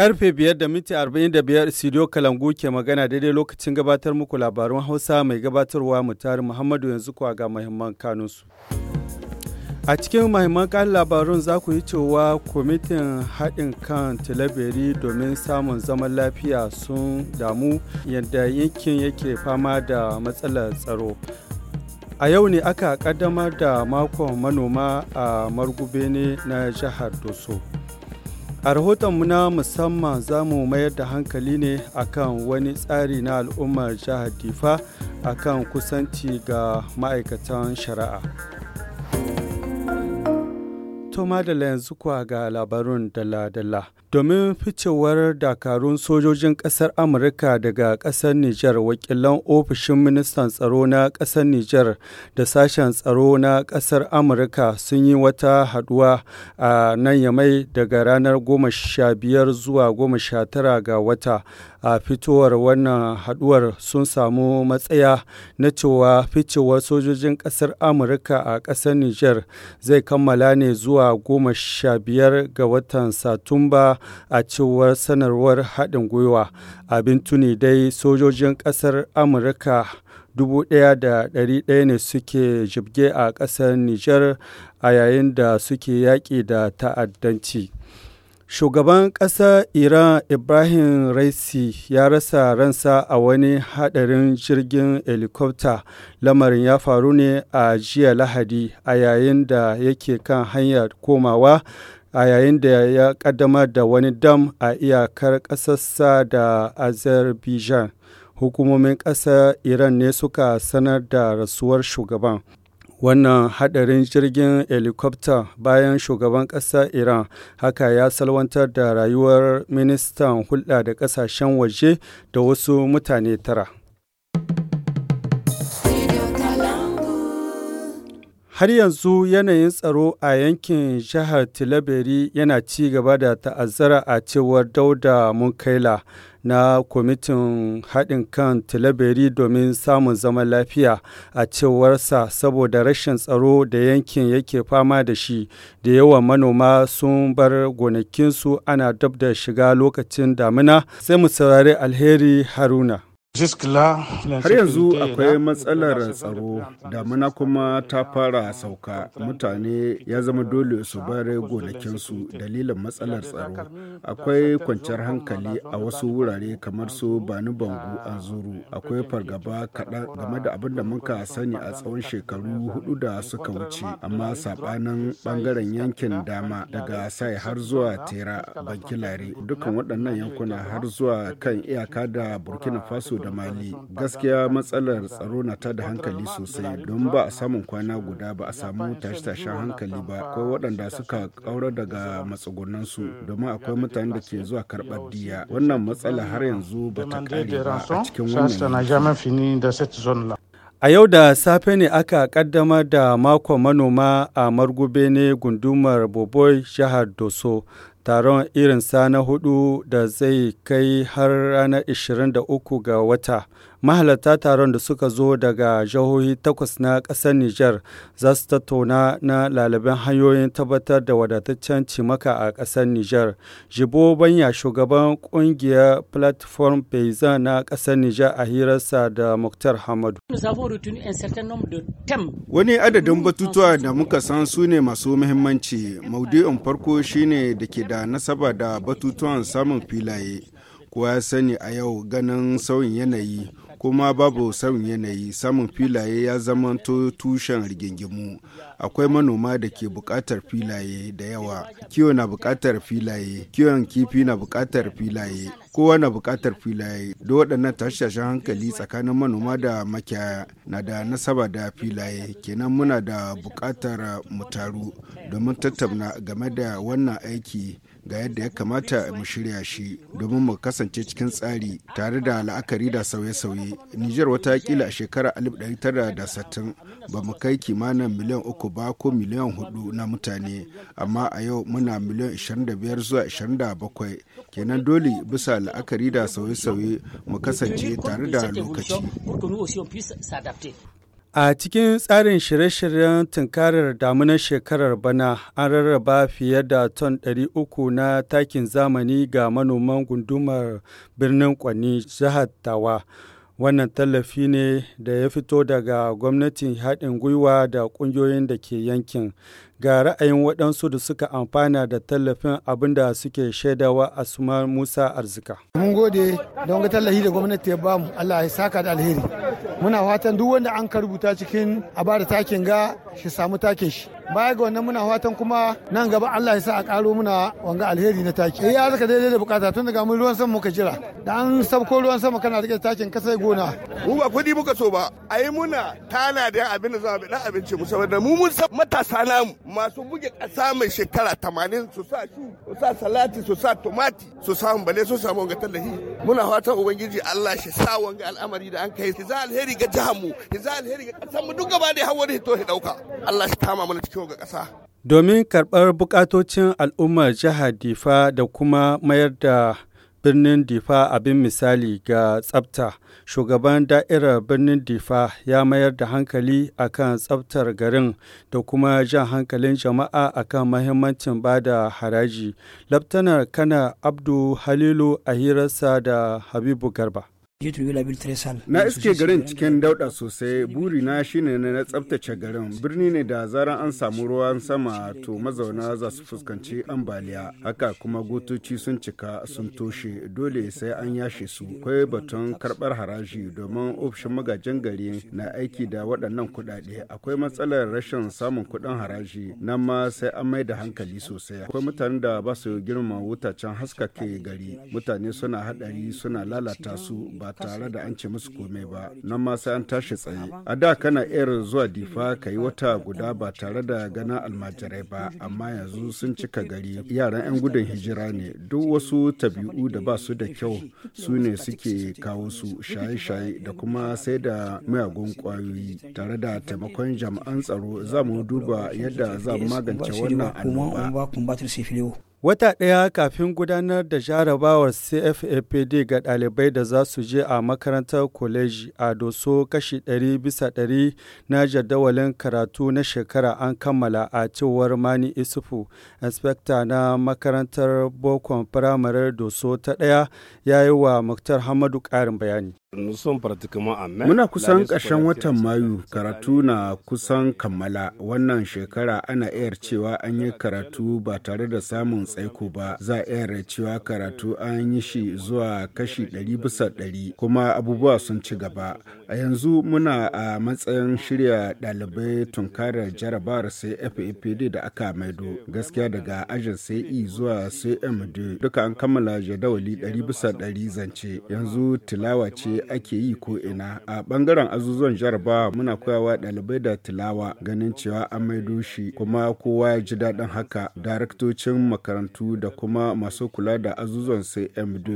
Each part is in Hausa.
Karfe biyar da minti arba'in da biyar studio Kalangu ke magana daidai lokacin gabatar muku labarun Hausa mai gabatarwa mutari Muhammadu yanzu kuwa ga mahimman kanunsu. A cikin mahimman kan labarun za ku yi cewa kwamitin haɗin kan talabari domin samun zaman lafiya sun damu yadda yankin yake fama da matsalar tsaro. A yau ne aka ƙaddamar da makon manoma a Margubene na jihar Doso. A rahotonmu na musamman za mu mayar da hankali ne akan wani tsari na al'ummar jihar Difa akan kusanci ga ma'aikatan shari'a. To da yanzu kuwa ga labarun dala-dala. domin ficewar dakarun sojojin ƙasar amurka daga ƙasar Nijar, wakilan ofishin ministan tsaro na ƙasar Nijar da sashen tsaro na ƙasar amurka sun yi wata haduwa a nan yamai daga ranar 15 zuwa 19 ga wata a fitowar wannan haduwar sun samu matsaya na cewa ficewar sojojin ƙasar amurka a ƙasar Nijar zai kammala ne zuwa 15 ga watan satumba a cewar sanarwar haɗin gwiwa abin tuni dai sojojin ƙasar amurka 1,100 ne suke jibge a ƙasar Nijar a yayin da suke yaƙi da ta'addanci Shugaban ƙasar Iran Ibrahim Raisi ya rasa ransa a wani haɗarin jirgin helikofta. Lamarin ya faru ne a jiya Lahadi a yayin da yake kan hanyar komawa a yayin da ya kaddamar da wani dam a iyakar ƙasarsa da azerbaijan hukumomin ƙasar iran ne suka sanar da rasuwar shugaban wannan hadarin jirgin helikwafta bayan shugaban ƙasar iran haka ya salwantar da rayuwar ministan hulɗa da ƙasashen waje da wasu mutane tara Har yanzu yanayin tsaro a yankin jihar Tilaberi yana ci gaba da ta'azzara a cewar Dauda Munkaila na kwamitin haɗin kan Tilaberi domin samun zaman lafiya a cewarsa saboda rashin tsaro da yankin yake fama da shi da yawan manoma sun bar gonakinsu ana dab da shiga lokacin damina sai mu saurari alheri Haruna. Har yanzu akwai matsalar tsaro, damuna kuma ta fara sauka, mutane ya zama dole su bar gonakinsu dalilin matsalar tsaro. Akwai kwanciyar hankali a wasu wurare kamar su Bani Bangu a Zuru, akwai fargaba kaɗan game da abin da muka sani a tsawon shekaru hudu da suka wuce, amma saɓanin ɓangaren yankin dama daga Sai har zuwa Tera, Bankilare, dukkan waɗannan yankuna har zuwa kan iyaka da Burkina Faso da Mali. Gaskiya matsalar tsaro na ta da hankali sosai don ba a samun kwana guda ba a samu tashe-tashen hankali ba. Hmm, akwai waɗanda suka ƙaura daga su domin akwai mutane da ke zuwa karɓar diya. Wannan matsala har yanzu ba ta ƙare ba a cikin wannan. A yau da safe ne aka kaddamar da makon manoma a Margube ne gundumar Boboi jihar Doso taron irinsa na hudu da zai kai har ranar 23 ga wata mahalarta taron da suka zo daga jihohi takwas na ƙasar Nijar za su tattauna na lalaben hanyoyin tabbatar da wadataccen cimaka a ƙasar Nijar. Jibo Banya shugaban ƙungiyar Platform Paysan na ƙasar Nijar a hirarsa da Muktar Hamadu. Wani adadin batutuwa da muka san su ne masu muhimmanci. Maudu'in farko shine da ke da nasaba da batutuwan samun filaye. Kowa sani a yau ganin sauyin yanayi kuma babu sauyin yanayi samun filaye ya zama tushen rigingimu akwai manoma da ke bukatar filaye da yawa kiwo na buƙatar filaye kiwon kifi na bukatar filaye kowa na buƙatar filaye da waɗannan tashashen hankali tsakanin manoma da makiyaya na da nasaba da filaye kenan muna da bukatar mu taru domin tattauna game da wannan aiki ga yadda ya kamata mu shirya shi domin mu kasance cikin tsari tare da la'akari da sauye-sauye nijar watakila a shekarar 1960 ba mu kai kimanin miliyan uku ba ko miliyan hudu na mutane amma a yau muna miliyan 25 zuwa 27 kenan dole bisa la'akari da sauye-sauye mu kasance tare da lokaci A cikin tsarin shirye-shiryen tunkarar damunar shekarar bana an rarraba fiye da ton 300 na takin zamani ga manoman gundumar birnin Kwani jihar Tawa. Wannan tallafi ne da ya fito daga gwamnatin haɗin gwiwa da ƙungiyoyin da ke yankin. ga ra'ayin waɗansu da suka amfana da tallafin abin da suke shaidawa suma musa arzika mun gode don ga tallafi da gwamnati ya bamu allah ya saka da alheri muna fatan duk wanda an karbuta cikin a bada takin ga shi samu takin shi baya ga wannan muna fatan kuma nan gaba Allah ya sa a karo muna wanga alheri na taki eh, ya zaka daidai da bukata tun daga mun ruwan sama muka jira da an sabko ruwan sama kana rike takin kasai gona mu ba kudi muka so ba ai muna tana da abin da za mu da abinci mu saboda mu mun matasa namu masu buge ƙasa mai shekara tamanin su sa shu su sa salati su sa tomati su samu bale su samu wanga tallahi muna fatan ubangiji Allah shi sa wanga al'amari da an kai za alheri ga jihar mu za alheri ga ƙasar mu duk gaba da hawa da hito shi dauka Allah shi kama mana cikin ga ƙasa domin karɓar bukatocin al'ummar jihar Difa da kuma mayar da birnin Difa abin misali ga tsafta. Shugaban da'irar birnin Difa ya mayar da hankali akan tsaftar garin da kuma jan hankalin jama'a akan mahimmancin da haraji. Laftanar Kana Abdu Halilu a hirarsa da Habibu Garba. Na iske garin cikin dauɗa sosai buri burina shine na tsabtace garin birni ne da zaran an samu ruwan sama to mazauna za su fuskanci ambaliya haka kuma gotoci sun cika sun toshe dole sai an yashe su kwai batun karɓar haraji domin ofishin magajin gari na aiki da waɗannan kuɗaɗe akwai matsalar rashin samun kuɗin haraji nan ma sai an mai da hankali sosai akwai mutanen da ba su girma wutacen haskake gari mutane suna haɗari suna lalata su ba tare da an ce musu komai ba nan ma sai an tashi tsaye a da kana iya zuwa difa ka yi wata guda ba tare da gana almajirai ba amma yanzu sun cika gari yaran 'yan gudun hijira ne duk wasu tabi'u da ba su da kyau su ne suke kawo su shaye-shaye da kuma sai da miyagun kwayoyi tare da taimakon jami'an tsaro za mu duba yadda za mu magance wannan annoba Wata ɗaya kafin gudanar da jarabawar CFAPD ga ɗalibai da za su je a makarantar Koleji a doso kashi 100 bisa 100 na jadawalin karatu na shekara an kammala a cewar Mani Isufu, inspekta na makarantar Bokon Firamare doso ta ɗaya ya yi wa Muktar Hamadu ƙarin bayani. Muna kusan ƙarshen watan Mayu, karatu na kusan kammala. Wannan shekara ana iya cewa an yi karatu ba tare da samun tsaiko ba, za a iya cewa karatu an yi shi zuwa kashi ɗari bisa ɗari, kuma abubuwa sun ci gaba. A yanzu muna a matsayin shirya ɗalibai tunkarar jarabar sai FAPD da aka maido. Gaskiya daga ajin sai e zuwa sai MD duka an kammala jadawali ɗari bisa ɗari zance. Yanzu tilawa ce ake yi ko ina a bangaren azuzon jarabawa muna koyawa ɗalibai da tilawa ganin cewa an maido shi kuma kowa ya ji daɗin haka daraktocin makarantu da kuma masu kula da azuzon sai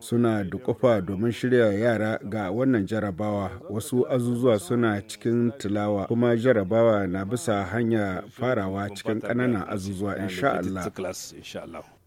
suna da kofa domin shirya yara ga wannan jarabawa wasu azuzuwa suna cikin tilawa kuma jarabawa na bisa hanya farawa cikin ƙananan azuzuwa insha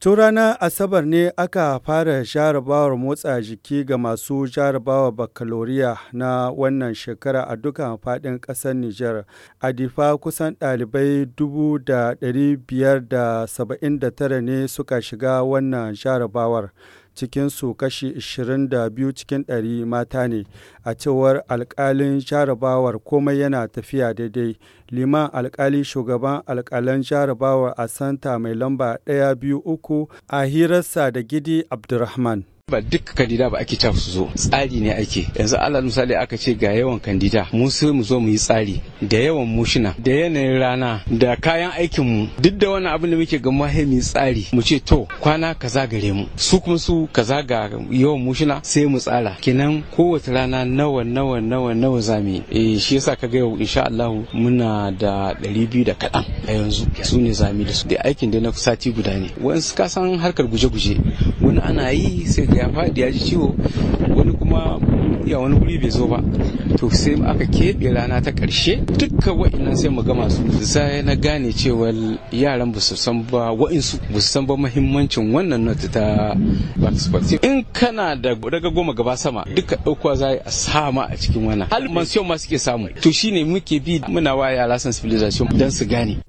Tun ranar Asabar ne aka fara jarabawar motsa jiki ga masu jarabawar bakaloriya na wannan shekara a duka faɗin ƙasar Nijar. A difa kusan ɗalibai 579 ne suka shiga wannan jarabawar. cikinsu kashi 22 cikin 100 mata ne a cewar alkalin jarabawar komai yana tafiya daidai liman alkali shugaban alkalan jarabawar a santa mai lamba 1 2 3 a hirarsa da gidi Abdurrahman. ba duk kandida ba ake cewa su zo tsari ne ake yanzu alal misali aka ce ga yawan kandida mu sai mu zo mu yi tsari da yawan mushina da yanayin rana da kayan aikin mu duk da wani abin da muke ga mahimmi tsari mu ce to kwana kaza gare mu su kuma su kaza ga yawan mushina sai mu tsara kenan kowace rana nawa nawa nawa nawa za mu eh, shi yasa ka ga yau insha Allah muna da ɗari da kaɗan a yanzu su ne da su da aikin da na sati guda ne wani ka san harkar guje-guje wani ana yi sai ya faɗi ya ji ciwo wani kuma ya wani guri bai zo ba to sai aka keɓe rana ta ƙarshe dukkan wa'innan sai mu gama su sai na gane cewa yaran ba su san ba wa'insu ba su san ba mahimmancin wannan nota ta participative in kana da daga goma gaba sama duka ɗaukuwa za a sama a cikin wannan halin mansiyon ma suke samu to shine muke bi muna wa yara sensibilization don su gane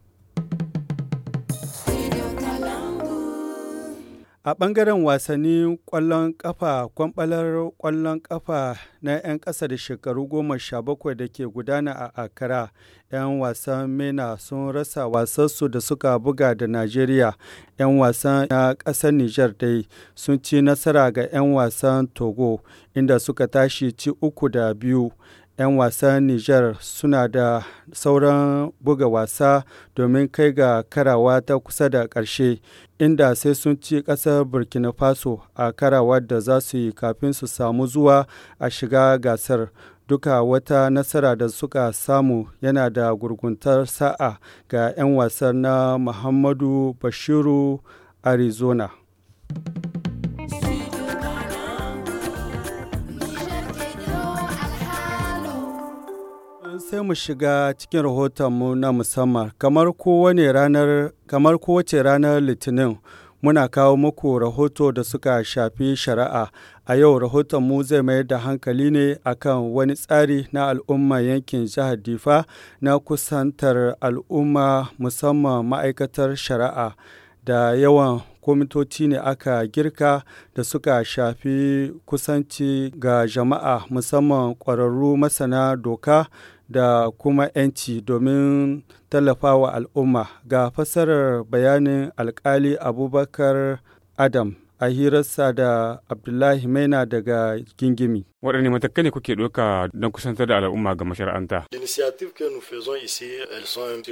A ɓangaren wasannin ƙwallon ƙafa, kwamɓalar ƙwallon ƙafa na 'yan ƙasa da shekaru goma sha bakwai da ke gudana a akara 'yan wasan MENA sun rasa wasansu da suka buga da Najeriya. 'Yan wasan na ƙasar Nijar dai sun ci nasara ga 'yan wasan Togo, inda suka tashi ci uku da biyu. 'yan wasan Nijar suna da sauran buga wasa domin kai ga karawa ta kusa da ƙarshe, inda sai sun ci ƙasar Burkina Faso a karawa da za su yi kafin su samu zuwa a shiga gasar. Duka wata nasara da suka samu yana da gurguntar sa'a ga 'yan wasan na Muhammadu Bashiru, Arizona. sai mu shiga cikin rahotonmu na musamman kamar kowace ranar kamar kowace ranar litinin muna kawo muku rahoto da suka shafi shari'a a yau rahotonmu zai mayar da hankali ne akan wani tsari na al'umma yankin jihar difa na kusantar al'umma musamman ma'aikatar shari'a da yawan kwamitoci ne aka girka da suka shafi kusanci ga jama'a musamman ƙwararru masana doka da kuma 'yanci domin tallafawa al'umma ga fassarar bayanin alkali abubakar adam a hirarsa da abdullahi maina daga gingimi waɗanne matakai ne kuke ɗauka don kusantar da al'umma ga mashara'anta?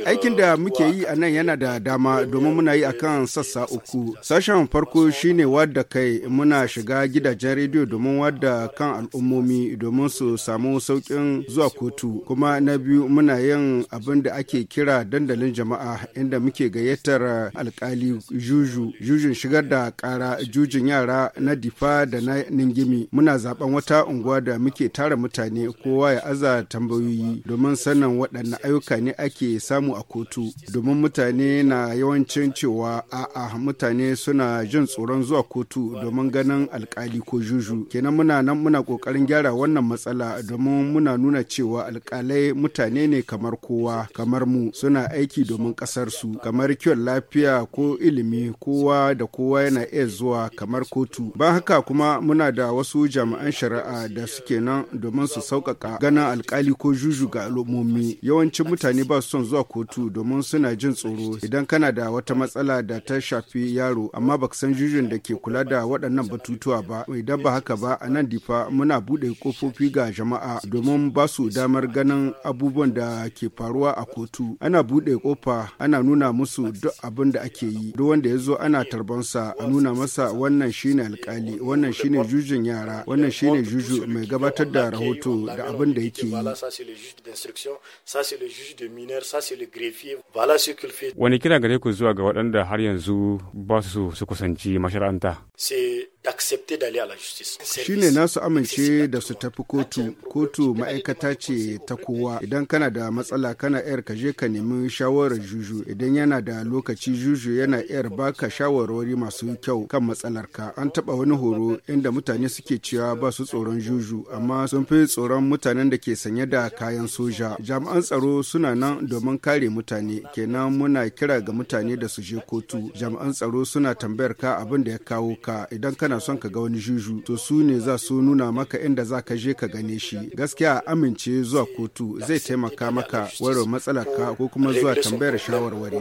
Aikin da muke yi a nan yana da dama domin muna yi akan sassa uku. Sashen farko shine wadda kai muna shiga gidajen rediyo domin wadda kan al'ummomi domin su samu saukin zuwa kotu. Kuma na biyu muna yin abin da ake kira dandalin jama'a inda muke gayyatar alkali juju, jujun shigar da ƙara, jujun yara na difa da na ningimi. Muna zaben wata unguwa da muke tara mutane kowa ya aza tambayoyi domin sanin waɗanne ayyuka ne ake samu a kotu domin mutane na yawancin cewa a'a mutane suna jin tsoron zuwa kotu domin ganin alkali ko juju kenan muna nan muna kokarin gyara wannan matsala domin muna nuna cewa alkalai mutane ne kamar kowa kamar mu suna aiki domin kasar su kamar kiwon lafiya ko ilimi kowa da kowa yana iya zuwa kamar kotu ba haka kuma muna da wasu jami'an shari'a da suke nan domin su sauƙaƙa ganin alkali ko juju ga al'ummomi yawancin mutane ba su son zuwa kotu domin suna jin tsoro idan kana da wata matsala da ta shafi yaro amma baka san jujun da ke kula da waɗannan batutuwa ba idan ba haka ba a nan difa muna buɗe kofofi ga jama'a domin ba su damar ganin abubuwan da ke faruwa a kotu ana buɗe ƙofa. ana nuna musu duk abin da ake yi duk wanda ya zo ana tarbansa a nuna masa wannan shine alkali wannan shine jujun yara wannan shine juju mai gabatar da rahoto da abin da yake yi. Wani kira gare ku zuwa ga waɗanda har yanzu ba su su kusanci mashara'anta? Shi ne nasu amince da su tafi kotu. Kotu ma'aikata ce ta kowa. Idan kana da matsala kana yar ka je ka nemi shawarar juju. Idan yana da lokaci juju yana yar baka shawarwari masu kyau kan matsalarka. An taɓa wani horo inda mutane suke cewa ba su tsoron juju amma sun fi tsoron mutanen da ke sanye da kayan soja jami'an tsaro suna nan domin kare mutane kenan muna kira ga mutane da su je kotu jami'an tsaro suna tambayar ka abin da ya kawo ka idan kana son ka ga wani juju to su ne za su nuna maka inda za ka je ka gane shi gaskiya amince zuwa kotu zai taimaka maka waro matsalar ka ko kuma zuwa tambayar shawarwari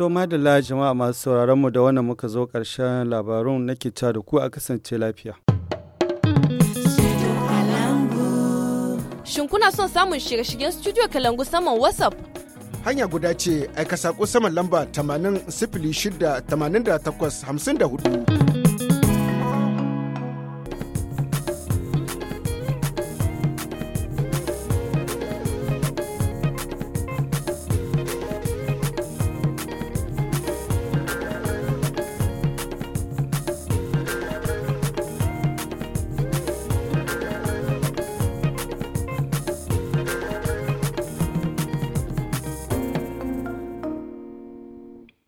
To madalla jama'a masu sauraron mu da wannan muka zo ƙarshen labarun nake ta da ku a kasance lafiya. Shin kuna son samun shirye-shiryen studio Kalangu saman WhatsApp? Hanya guda ce aika sako saman lamba 80 68 54.